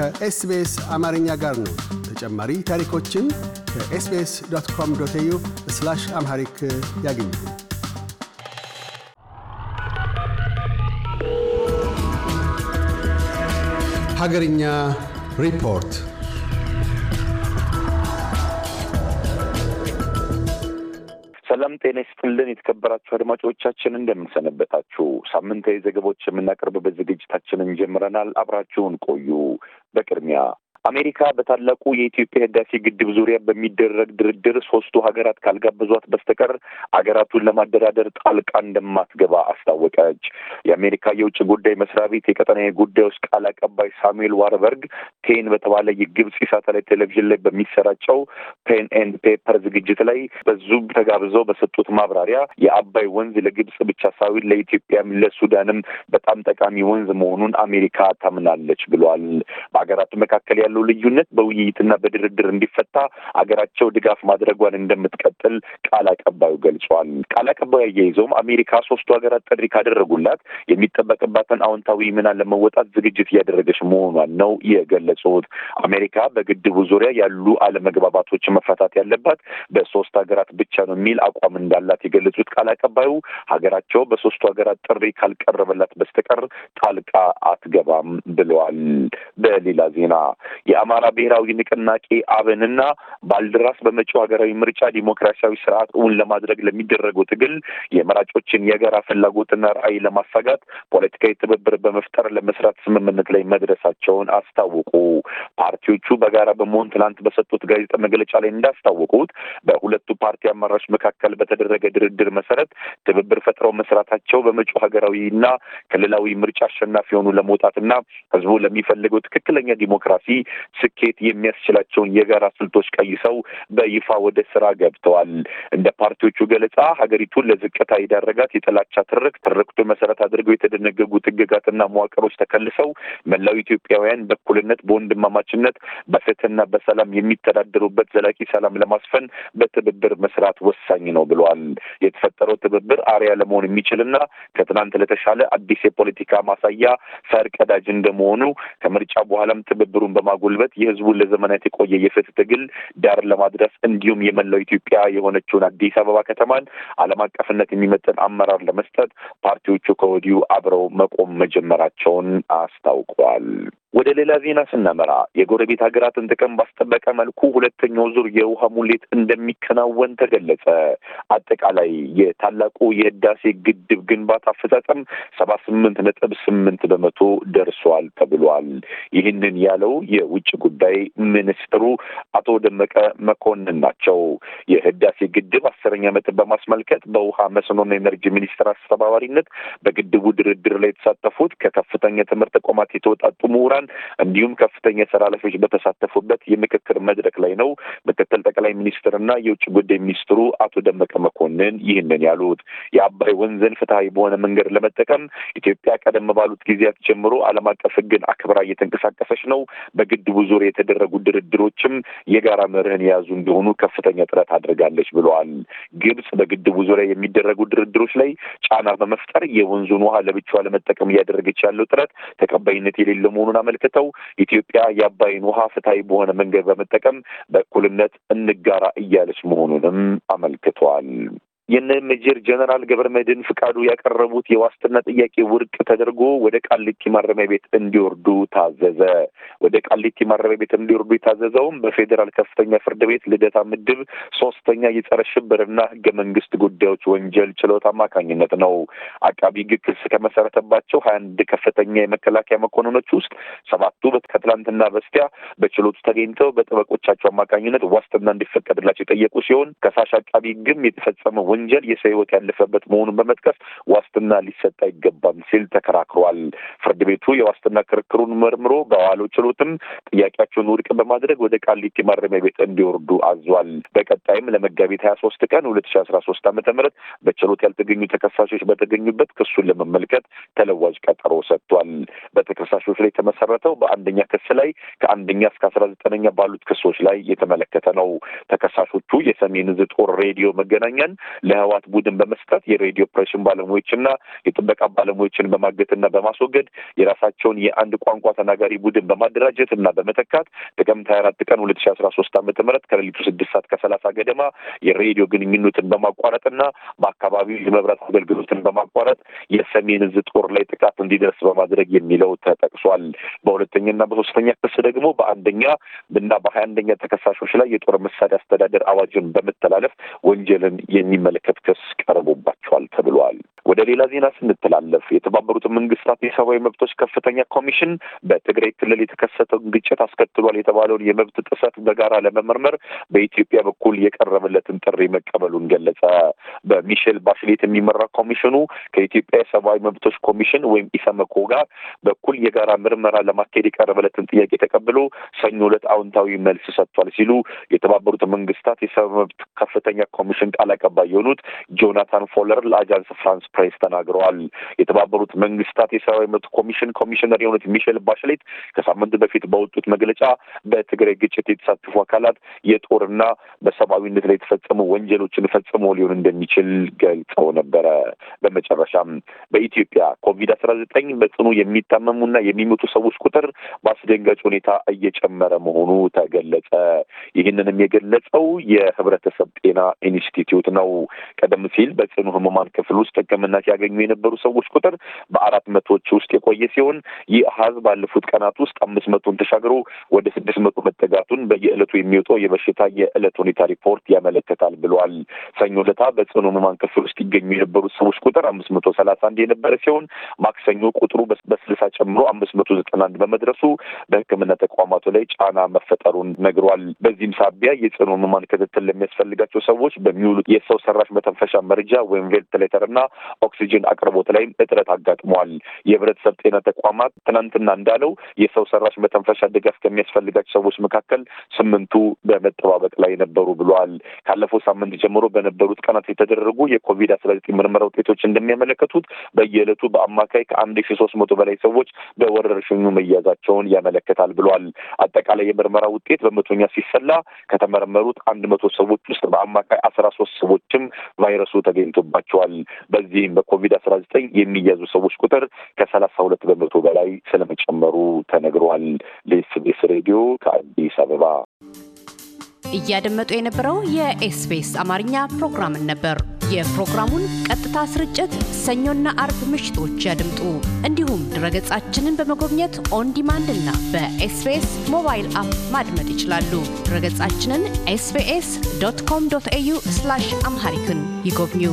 ከኤስቢኤስ አማርኛ ጋር ነው። ተጨማሪ ታሪኮችን ከኤስቢኤስ ዶት ኮም ዶት ዩ ስላሽ አምሃሪክ ያገኙ። ሀገርኛ ሪፖርት ሰላም ጤና ይስጥልን። የተከበራችሁ አድማጮቻችን እንደምንሰነበታችሁ። ሳምንታዊ ዘገቦች የምናቀርብበት ዝግጅታችንን ጀምረናል። አብራችሁን ቆዩ። በቅድሚያ አሜሪካ በታላቁ የኢትዮጵያ ህዳሴ ግድብ ዙሪያ በሚደረግ ድርድር ሶስቱ ሀገራት ካልጋበዟት በስተቀር ሀገራቱን ለማደራደር ጣልቃ እንደማትገባ አስታወቀች። የአሜሪካ የውጭ ጉዳይ መስሪያ ቤት የቀጠናዊ ጉዳዮች ቃል አቀባይ ሳሙኤል ዋርበርግ ቴን በተባለ የግብጽ የሳተላይት ቴሌቪዥን ላይ በሚሰራጨው ፔን ኤንድ ፔፐር ዝግጅት ላይ በዙም ተጋብዘው በሰጡት ማብራሪያ የአባይ ወንዝ ለግብጽ ብቻ ሳይሆን ለኢትዮጵያም ለሱዳንም በጣም ጠቃሚ ወንዝ መሆኑን አሜሪካ ታምናለች ብሏል። በሀገራቱ መካከል ያለው ልዩነት በውይይትና በድርድር እንዲፈታ አገራቸው ድጋፍ ማድረጓን እንደምትቀጥል ቃል አቀባዩ ገልጿል። ቃል አቀባዩ አያይዘውም አሜሪካ ሶስቱ ሀገራት ጥሪ ካደረጉላት የሚጠበቅባትን አዎንታዊ ሚና ለመወጣት ዝግጅት እያደረገች መሆኗን ነው የገለጹት። አሜሪካ በግድቡ ዙሪያ ያሉ አለመግባባቶች መፈታት ያለባት በሶስት ሀገራት ብቻ ነው የሚል አቋም እንዳላት የገለጹት ቃል አቀባዩ ሀገራቸው በሶስቱ ሀገራት ጥሪ ካልቀረበላት በስተቀር ጣልቃ አትገባም ብለዋል። በሌላ ዜና የአማራ ብሔራዊ ንቅናቄ አብንና ባልድራስ በመጪው ሀገራዊ ምርጫ ዲሞክራሲያዊ ስርዓት እውን ለማድረግ ለሚደረገው ትግል የመራጮችን የጋራ ፍላጎትና ራዕይ ለማሳጋት ፖለቲካዊ ትብብር በመፍጠር ለመስራት ስምምነት ላይ መድረሳቸውን አስታወቁ። ፓርቲዎቹ በጋራ በመሆን ትናንት በሰጡት ጋዜጣ መግለጫ ላይ እንዳስታወቁት በሁለቱ ፓርቲ አመራሮች መካከል በተደረገ ድርድር መሰረት ትብብር ፈጥረው መስራታቸው በመጪው ሀገራዊና ክልላዊ ምርጫ አሸናፊ የሆኑ ለመውጣትና ህዝቡ ለሚፈልገው ትክክለኛ ዲሞክራሲ ስኬት የሚያስችላቸውን የጋራ ስልቶች ቀይሰው በይፋ ወደ ስራ ገብተዋል። እንደ ፓርቲዎቹ ገለጻ ሀገሪቱን ለዝቅታ የዳረጋት የጥላቻ ትርክ ትርክቱ መሰረት አድርገው የተደነገጉ ጥግጋትና መዋቅሮች ተከልሰው መላው ኢትዮጵያውያን በእኩልነት፣ በወንድማማችነት፣ በፍትህና በሰላም የሚተዳደሩበት ዘላቂ ሰላም ለማስፈን በትብብር መስራት ወሳኝ ነው ብለዋል። የተፈጠረው ትብብር አሪያ ለመሆን የሚችልና ከትናንት ለተሻለ አዲስ የፖለቲካ ማሳያ ፈር ቀዳጅ እንደመሆኑ ከምርጫ በኋላም ትብብሩን በማ ጉልበት የህዝቡን ለዘመናት የቆየ የፍትህ ትግል ዳር ለማድረስ እንዲሁም የመላው ኢትዮጵያ የሆነችውን አዲስ አበባ ከተማን ዓለም አቀፍነት የሚመጥን አመራር ለመስጠት ፓርቲዎቹ ከወዲሁ አብረው መቆም መጀመራቸውን አስታውቀዋል። ወደ ሌላ ዜና ስናመራ የጎረቤት ሀገራትን ጥቅም ባስጠበቀ መልኩ ሁለተኛው ዙር የውሃ ሙሌት እንደሚከናወን ተገለጸ። አጠቃላይ የታላቁ የህዳሴ ግድብ ግንባታ አፈጻጸም ሰባ ስምንት ነጥብ ስምንት በመቶ ደርሷል ተብሏል። ይህንን ያለው የውጭ ጉዳይ ሚኒስትሩ አቶ ደመቀ መኮንን ናቸው። የህዳሴ ግድብ አስረኛ ዓመትን በማስመልከት በውሃ መስኖና ኤነርጂ ሚኒስቴር አስተባባሪነት በግድቡ ድርድር ላይ የተሳተፉት ከከፍተኛ ትምህርት ተቋማት የተወጣጡ ምሁራን ልዑካን እንዲሁም ከፍተኛ የስራ ኃላፊዎች በተሳተፉበት የምክክር መድረክ ላይ ነው ምክትል ጠቅላይ ሚኒስትርና የውጭ ጉዳይ ሚኒስትሩ አቶ ደመቀ መኮንን ይህንን ያሉት። የአባይ ወንዝን ፍትሐዊ በሆነ መንገድ ለመጠቀም ኢትዮጵያ ቀደም ባሉት ጊዜያት ጀምሮ ዓለም አቀፍ ሕግን አክብራ እየተንቀሳቀሰች ነው። በግድቡ ዙሪያ የተደረጉ ድርድሮችም የጋራ መርህን የያዙ እንዲሆኑ ከፍተኛ ጥረት አድርጋለች ብለዋል። ግብጽ በግድቡ ዙሪያ የሚደረጉ ድርድሮች ላይ ጫና በመፍጠር የወንዙን ውሃ ለብቻዋ ለመጠቀም እያደረገች ያለው ጥረት ተቀባይነት የሌለ መሆኑን አመልክተው ኢትዮጵያ የአባይን ውሃ ፍትሐዊ በሆነ መንገድ በመጠቀም በእኩልነት እንጋራ እያለች መሆኑንም አመልክቷል። የነ ሜጀር ጀነራል ገብረመድህን ፍቃዱ ያቀረቡት የዋስትና ጥያቄ ውድቅ ተደርጎ ወደ ቃሊቲ ማረሚያ ቤት እንዲወርዱ ታዘዘ። ወደ ቃሊቲ ማረሚያ ቤት እንዲወርዱ የታዘዘውም በፌዴራል ከፍተኛ ፍርድ ቤት ልደታ ምድብ ሶስተኛ የጸረ ሽብርና ህገ መንግስት ጉዳዮች ወንጀል ችሎት አማካኝነት ነው። አቃቢ ህግ ክስ ከመሰረተባቸው ሀያ አንድ ከፍተኛ የመከላከያ መኮንኖች ውስጥ ሰባቱ ከትላንትና በስቲያ በችሎቱ ተገኝተው በጠበቆቻቸው አማካኝነት ዋስትና እንዲፈቀድላቸው የጠየቁ ሲሆን ከሳሽ አቃቢ ህግም የተፈጸመው ወንጀል የሰው ህይወት ያለፈበት መሆኑን በመጥቀስ ዋስትና ሊሰጥ አይገባም ሲል ተከራክሯል። ፍርድ ቤቱ የዋስትና ክርክሩን መርምሮ በዋለው ችሎትም ጥያቄያቸውን ውድቅ በማድረግ ወደ ቃሊቲ ማረሚያ ቤት እንዲወርዱ አዟል። በቀጣይም ለመጋቢት ሀያ ሶስት ቀን ሁለት ሺ አስራ ሶስት ዓመተ ምህረት በችሎት ያልተገኙ ተከሳሾች በተገኙበት ክሱን ለመመልከት ተለዋጅ ቀጠሮ ሰጥቷል። በተከሳሾች ላይ የተመሰረተው በአንደኛ ክስ ላይ ከአንደኛ እስከ አስራ ዘጠነኛ ባሉት ክሶች ላይ የተመለከተ ነው። ተከሳሾቹ የሰሜን እዝ ጦር ሬዲዮ መገናኛን ለህዋት ቡድን በመስጠት የሬዲዮ ኦፕሬሽን ባለሙያዎችና የጥበቃ ባለሙያዎችን በማገትና በማስወገድ የራሳቸውን የአንድ ቋንቋ ተናጋሪ ቡድን በማደራጀት እና በመተካት ጥቅምት ሀያ አራት ቀን ሁለት ሺ አስራ ሶስት ዓመተ ምህረት ከሌሊቱ ስድስት ሰዓት ከሰላሳ ገደማ የሬዲዮ ግንኙነትን በማቋረጥና በአካባቢው የመብራት አገልግሎትን በማቋረጥ የሰሜን እዝ ጦር ላይ ጥቃት እንዲደርስ በማድረግ የሚለው ተጠቅሷል። በሁለተኛና በሶስተኛ ክስ ደግሞ በአንደኛ እና በሀያ አንደኛ ተከሳሾች ላይ የጦር መሳሪያ አስተዳደር አዋጅን በመተላለፍ ወንጀልን የሚመለ da captação በሌላ ዜና ስንተላለፍ የተባበሩት መንግስታት የሰብአዊ መብቶች ከፍተኛ ኮሚሽን በትግራይ ክልል የተከሰተውን ግጭት አስከትሏል የተባለውን የመብት ጥሰት በጋራ ለመመርመር በኢትዮጵያ በኩል የቀረበለትን ጥሪ መቀበሉን ገለጸ። በሚሼል ባሽሌት የሚመራ ኮሚሽኑ ከኢትዮጵያ የሰብአዊ መብቶች ኮሚሽን ወይም ኢሰመኮ ጋር በኩል የጋራ ምርመራ ለማካሄድ የቀረበለትን ጥያቄ ተቀብሎ ሰኞ ዕለት አውንታዊ መልስ ሰጥቷል ሲሉ የተባበሩት መንግስታት የሰብአዊ መብት ከፍተኛ ኮሚሽን ቃል አቀባይ የሆኑት ጆናታን ፎለር ለአጃንስ ፍራንስ ፕሬስ ተናግረዋል። የተባበሩት መንግስታት የሰብአዊ መብት ኮሚሽን ኮሚሽነር የሆኑት ሚሼል ባሽሌት ከሳምንት በፊት በወጡት መግለጫ በትግራይ ግጭት የተሳተፉ አካላት የጦርና በሰብአዊነት ላይ የተፈጸሙ ወንጀሎችን ፈጽሞ ሊሆን እንደሚችል ገልጸው ነበረ። በመጨረሻም በኢትዮጵያ ኮቪድ አስራ ዘጠኝ በጽኑ የሚታመሙና የሚሞቱ ሰዎች ቁጥር በአስደንጋጭ ሁኔታ እየጨመረ መሆኑ ተገለጸ። ይህንንም የገለጸው የህብረተሰብ ጤና ኢንስቲትዩት ነው። ቀደም ሲል በጽኑ ህሙማን ክፍል ውስጥ ህክምና ሲያገኙ የነበሩ ሰዎች ቁጥር በአራት መቶዎች ውስጥ የቆየ ሲሆን ይህ አሀዝ ባለፉት ቀናት ውስጥ አምስት መቶን ተሻግሮ ወደ ስድስት መቶ መጠጋቱን በየዕለቱ የሚወጣው የበሽታ የዕለት ሁኔታ ሪፖርት ያመለከታል ብለዋል። ሰኞ ለታ በጽኑ ሕሙማን ክፍል ውስጥ ይገኙ የነበሩ ሰዎች ቁጥር አምስት መቶ ሰላሳ አንድ የነበረ ሲሆን ማክሰኞ ቁጥሩ በስልሳ ጨምሮ አምስት መቶ ዘጠና አንድ በመድረሱ በሕክምና ተቋማቱ ላይ ጫና መፈጠሩን ነግሯል። በዚህም ሳቢያ የጽኑ ሕሙማን ክትትል ለሚያስፈልጋቸው ሰዎች በሚውሉት የሰው ሰራሽ መተንፈሻ መርጃ ወይም ቬንትሌተር እና የኦክሲጅን አቅርቦት ላይም እጥረት አጋጥመዋል። የህብረተሰብ ጤና ተቋማት ትናንትና እንዳለው የሰው ሰራሽ መተንፈሻ ድጋፍ ከሚያስፈልጋቸው ሰዎች መካከል ስምንቱ በመጠባበቅ ላይ ነበሩ ብለዋል። ካለፈው ሳምንት ጀምሮ በነበሩት ቀናት የተደረጉ የኮቪድ አስራ ዘጠኝ ምርመራ ውጤቶች እንደሚያመለከቱት በየዕለቱ በአማካይ ከአንድ ሺ ሶስት መቶ በላይ ሰዎች በወረርሽኙ መያዛቸውን ያመለከታል ብለዋል። አጠቃላይ የምርመራ ውጤት በመቶኛ ሲሰላ ከተመረመሩት አንድ መቶ ሰዎች ውስጥ በአማካይ አስራ ሶስት ሰዎችም ቫይረሱ ተገኝቶባቸዋል። በዚህም በኮቪድ አስራ ዘጠኝ የሚያዙ ሰዎች ቁጥር ከሰላሳ ሁለት በመቶ በላይ ስለመጨመሩ ተነግረዋል። ለኤስቤስ ሬዲዮ ከአዲስ አበባ እያደመጡ የነበረው የኤስቢኤስ አማርኛ ፕሮግራምን ነበር። የፕሮግራሙን ቀጥታ ስርጭት ሰኞና አርብ ምሽቶች ያድምጡ። እንዲሁም ድረገጻችንን በመጎብኘት ኦን ዲማንድ እና በኤስቢኤስ ሞባይል አፕ ማድመጥ ይችላሉ። ድረገጻችንን ኤስቤስ ዶት ኮም ዶት ኤዩ አምሃሪክን ይጎብኙ።